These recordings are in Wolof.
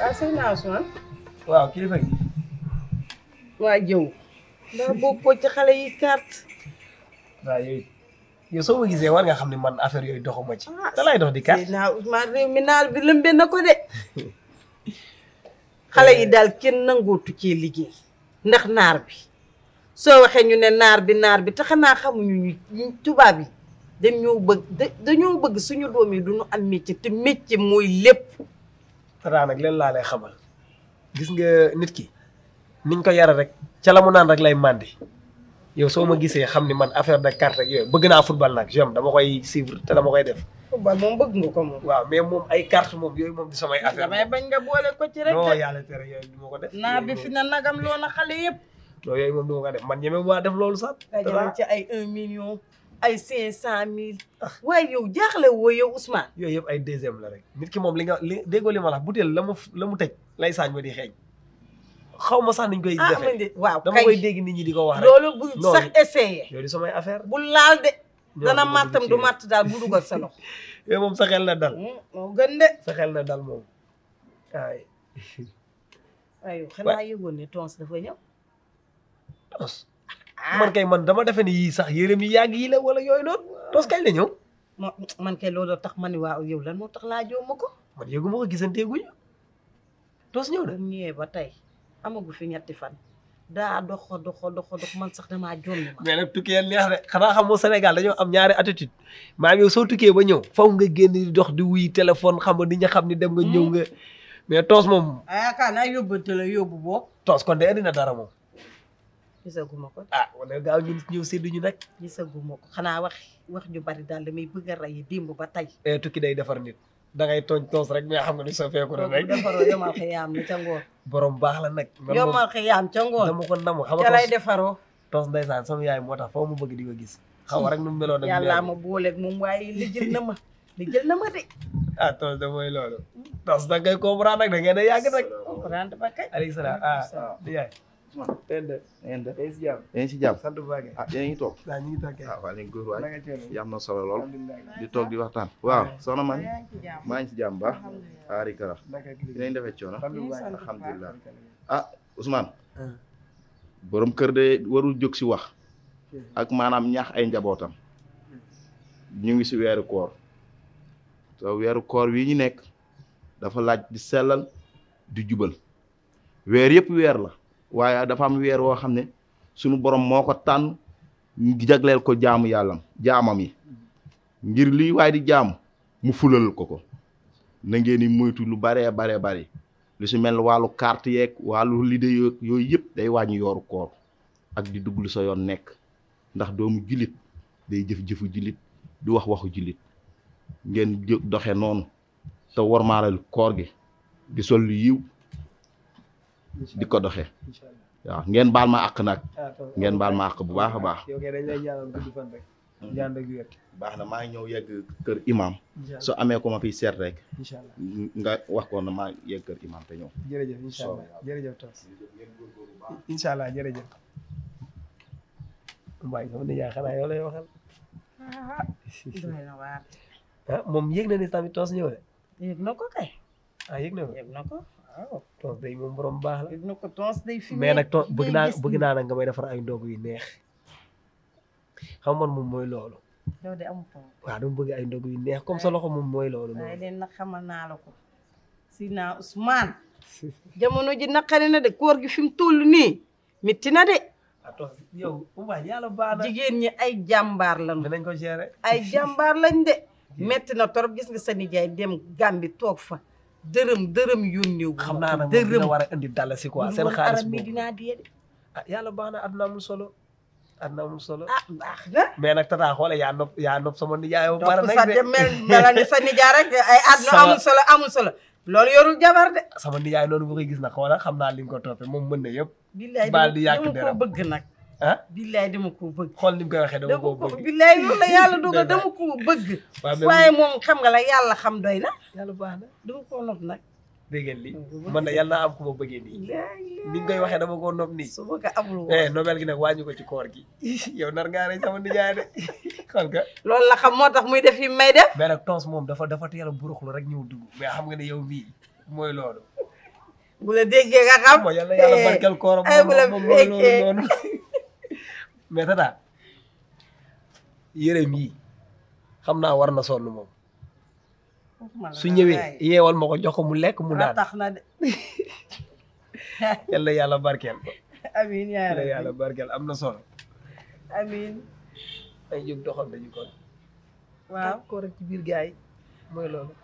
Ah, waaw sëñ waa jëw. daa bokkoo ci xale yi carte. waaw yooyu soo war nga xam ne man affaire yooyu doxuma ci. da ah, lay dox bi lëmbe na ko eh. daal kenn nangootu cee liggéey. ndax naar bi soo waxee ñu ne naar bi naar bi te xanaa xamuñu ñu tubaab yi dañoo bëgg dañoo bëgg suñu doom yi duñu am métier te métier mooy lépp. dara nag leen laa lay xamal gis nga nit ki niñ ko yara rek ca la naan rek lay màndi yow soo ma gisee xam ni man affaire de carte ak yooyu bëgg naa football nag jëm dama koy suivre te dama koy def. football moom bëgg nga ko moom. waaw mais moom ay carte moom yooyu moom di samay affaire ci rek. non yooyu ko def. naa fi na nagam loo a xale yëpp. non yooyu moom du ma ko def man ñeme waa def loolu sax. te ci ay 1 million. ay cinq cent mille waaye yow jaaxle woo yow Ousmane yooyu yëpp ay deuxième la rek nit ki moom li nga li déggoo li ma butéel la mu la mu tëj lay saa ma di xeeñ xaw ma sax niñ koy defee ah, waaw dama koy dégg nit ñi di ko wax rek yooyu samay affaire bu laal de dana màttam daal bu dugal sa loxo moom sa xel na dal mm, moo gën de sa xel na dal moom ay ay xanaa yëgoon ne tons dafa ñëw Ah. man kay man dama defe ne yii sax yërëm yi yaa yi la wala yooyu noonu ah. tos kañ la ñëw. man kay loolu tax ma ne waaw yow lan moo tax laajoo ma ko. man yëgu moo ko gisanteeguñu tos ñëw na. ñëwee ba tey amagu fi ñetti fan. daa doxo doxo doxo dox man sax damaa jommi ma. mais nag dañoo am ñaari attitude maa ngi yow soo tukkee ba ñëw. faw nga génn di dox di wuy téléphone xam nga nit ñi xam ni dem nga ñëw hmm. nga. mais toos moom. ah yaakaar naa yóbbante la yóbbu boobu. toos kon de indi na dara moom. gisaguma ko. ah wala gaaw ñu ñëw séddu ñu nag. gisaguma ko xanaa wax wax ju bari daal damay bëgg a rey démb ba tey. Eh, tukki day defar nit. da ngay tooñ toos rek mais xam nga ni sa feeku na rek defaroo yomal xiyaam ni ca ngoor baax la nag yomal xiyaam ca ngoor dama ko namu xam nga ca lay defaroo toos yaay moo tax foo mu bëgg di ko gis xaw rek nu mu meloon ak yàlla ma booleeg moom waaye li jël na ma li jël na ma de ah toos da mooy loolu toos da ngay comprendre nag da ngeen a yàgg nag comprendre kay alayhi salaam ah ngeen def yéen si jàmm ah yéen ngi toog ah waa leen góor waay yam na solo lool iya, ah eh. borom kër de warul jóg si wax ak maanaam ñaax ay njabootam ñu ngi si weeru koor te weeru koor wi ñu nekk dafa laaj di sellal di jubal la waaye dafa am weer woo xam ne sunu borom moo ko tànn jagleel ko jaamu yàlla jaamam yi ngir lii waaye di jaam mu fulal ko ko na ngeen di moytu lu baree bare bari lu si mel ne wàllu carte yeeg wàllu lidé yooyu yëpp day wàññi yooru koor ak di dugg lu sa yoon nekk ndax doomu jilit day jëf jëfu jilit di wax waxu jilit ngeen doxe noonu te wormaalal koor gi di sol lu yiw di ko doxee waaw ngeen baal ma àq nag ngeen baal ma àq bu baax a baax hmm. baax na maa ngi ñëw yegg kër imam su amee ko ma fiy seet rek nga wax ko na maa yegg kër imam te ñëw jërëjëf incha allah jërëjëf tas allah jërëjëf waaye sama ah, moom yëg na ni tamit toos ñëw de yëg na ko kay ah yëg na ko toos day moom borom baax la. gis na ko toos day fi mais nag toos bëgg naa bëgg naa nag nga may defar ay ndog yu neex xam man moom mooy loolu. loolu de amul tool. waaw dama bëgg ay ndog yu neex comme sa loxo moom mooy loolu. waaye leen nag xamal naa la ko. Sina Ousmane. jamono ji naqari na de koor gi fi mu toll nii métti na ya de. yow waa yàlla baax na jigéen ñi ay jàmbaar lañu. dinañ ko gérer. ay jàmbaar lañ de. métti na torop gis nga sa nijaay dem Gàmbi toog fa. dërëm dërëm yónnee wu. xam naa na dina war a indi dalasi quoi seen xaalis boobu dinaa di yee de. ah yàlla baax na àdduna amul solo. àdduna amul solo ah baax na. mais nag tata xoole yaa nopp yaa nopp sama nijaay. yow mara nag de donc sa mel sa nijaay rek ay àdduna solo amul solo. loolu yorul jabar de. sama nijaay noonu bu koy gis nag xoola xam naa li nga ko moom mën na yëpp. billaay baal di yàq dara bëgg nag. ah billaay dama ko bëgg. xool ni mu koy waxee dama ko bëgg billaay loolu la yàlla dugal dama ko bëgg. waaye moom xam nga la yàlla xam doy na. yàlla baax na dama ko nopp nag. dégg ngeen man na yàlla am ku ma bëggee nii. ni nga koy waxee dama ko nopp nii. su ma ko amul woon eh wàññi ko ci koor gi. yow nar ngaa rey sama nijaay de xam nga. loolu la xam moo tax muy def yi may def. mais nag moom dafa dafa teel a buruxlu rek ñëw dugg mais xam nga ne yow mii mooy loolu. bu la déggee nga xam. mais tata yere mi xamna war na sonu mom su ñewé yeewal mako ko mu lek mu naan taxna de yalla yàlla barkel ko amin ya rabbi yalla barkel amna solo amin ay jog doxal dañu ko waaw ko rek ci bir gaay moy lolu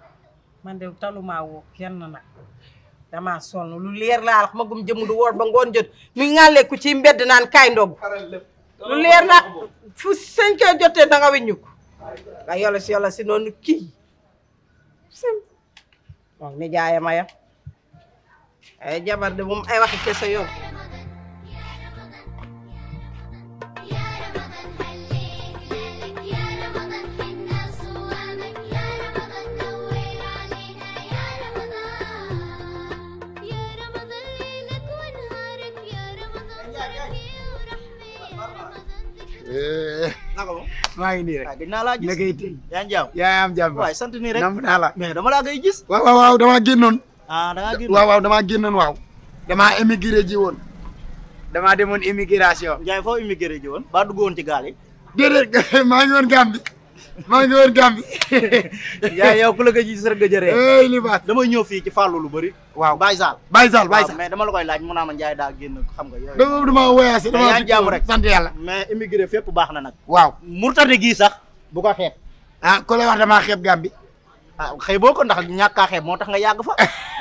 man de taluma wo kenn na dama sonu lu leer la xamagum magum du wor ba ngon jot ngalé ku ci mbéd naan kay ndog lu leer la fu cinq heures jotee danga weññu ko nga yàlla si yàlla si noonu kii sim moom ni jaayama yam ay jabar de moom ay waxi kese yoon naka moom maa ngi nii rek gëj naa laa gis nakay tey yaa ngi jàmm yaa am jàmm waay sant naa la mais dama laa ngay gis waaw waaw waaw damaa génnoon ah dangaa génnoon waaw damaa génnoon waaw damaa émigré ji woon dama demoon immigration Ndiaye foo émigré ji woon baa dugg woon ci gaal yi maa ngi woon Gambie maa ngi woon Gambie. yaa yow ku la ko gis rek nga jëree. dama ñëw fii ci Fallou lu bëri. waaw Baye Sall. Baye Sall Baye Sall dama la koy laaj mu naa ma Ndiaye daa génn xam nga yooyu. dama dama voyagé dama. yaa jàmm rek sant yàlla. mais immigré fépp baax na nag. waaw Mourtade gii sax. bu ko xeeb. ah ku lay wax damaa xeeb Gambie. Ah, xëy boo ko ndax ñàkk a xeeb moo tax nga yàgg fa.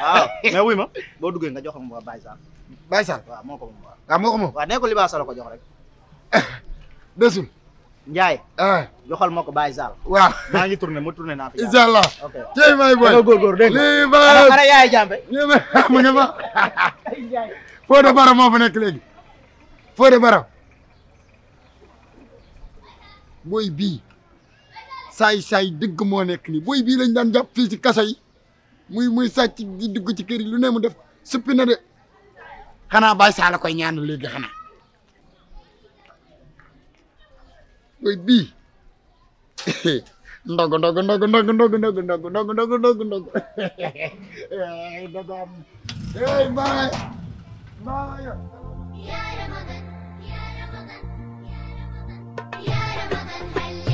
waaw mais ma boo duggee nga jox ko ba Baye Sall. Baye moo ko moom waaw. waaw ah, moo ko moom jox rek. desul. Ndiaye. Eh. joxal ma ko Baye Zal. waaw maa ngi tourné mu tourné naa fi. incha allah ok tey may boy. dama góorgóor Bara moo fa nekk léegi. Fodé Bara. boy bii. saay saay dëgg moo nekk nii booy bii lañ daan jàpp fii ci kaso yi. muy muy sàcc di dugg ci kër yi lu ne mu def suppi na de. xanaa Baye Sall koy ñaan léegi xanaa. người bi ndogo ndogo ndogo ndogo ndogo ndogo ndogo ndogo ndogo ndogo ndogo ndogo Hey, bye. Bye. يا رمضان يا رمضان يا رمضان يا رمضان هلا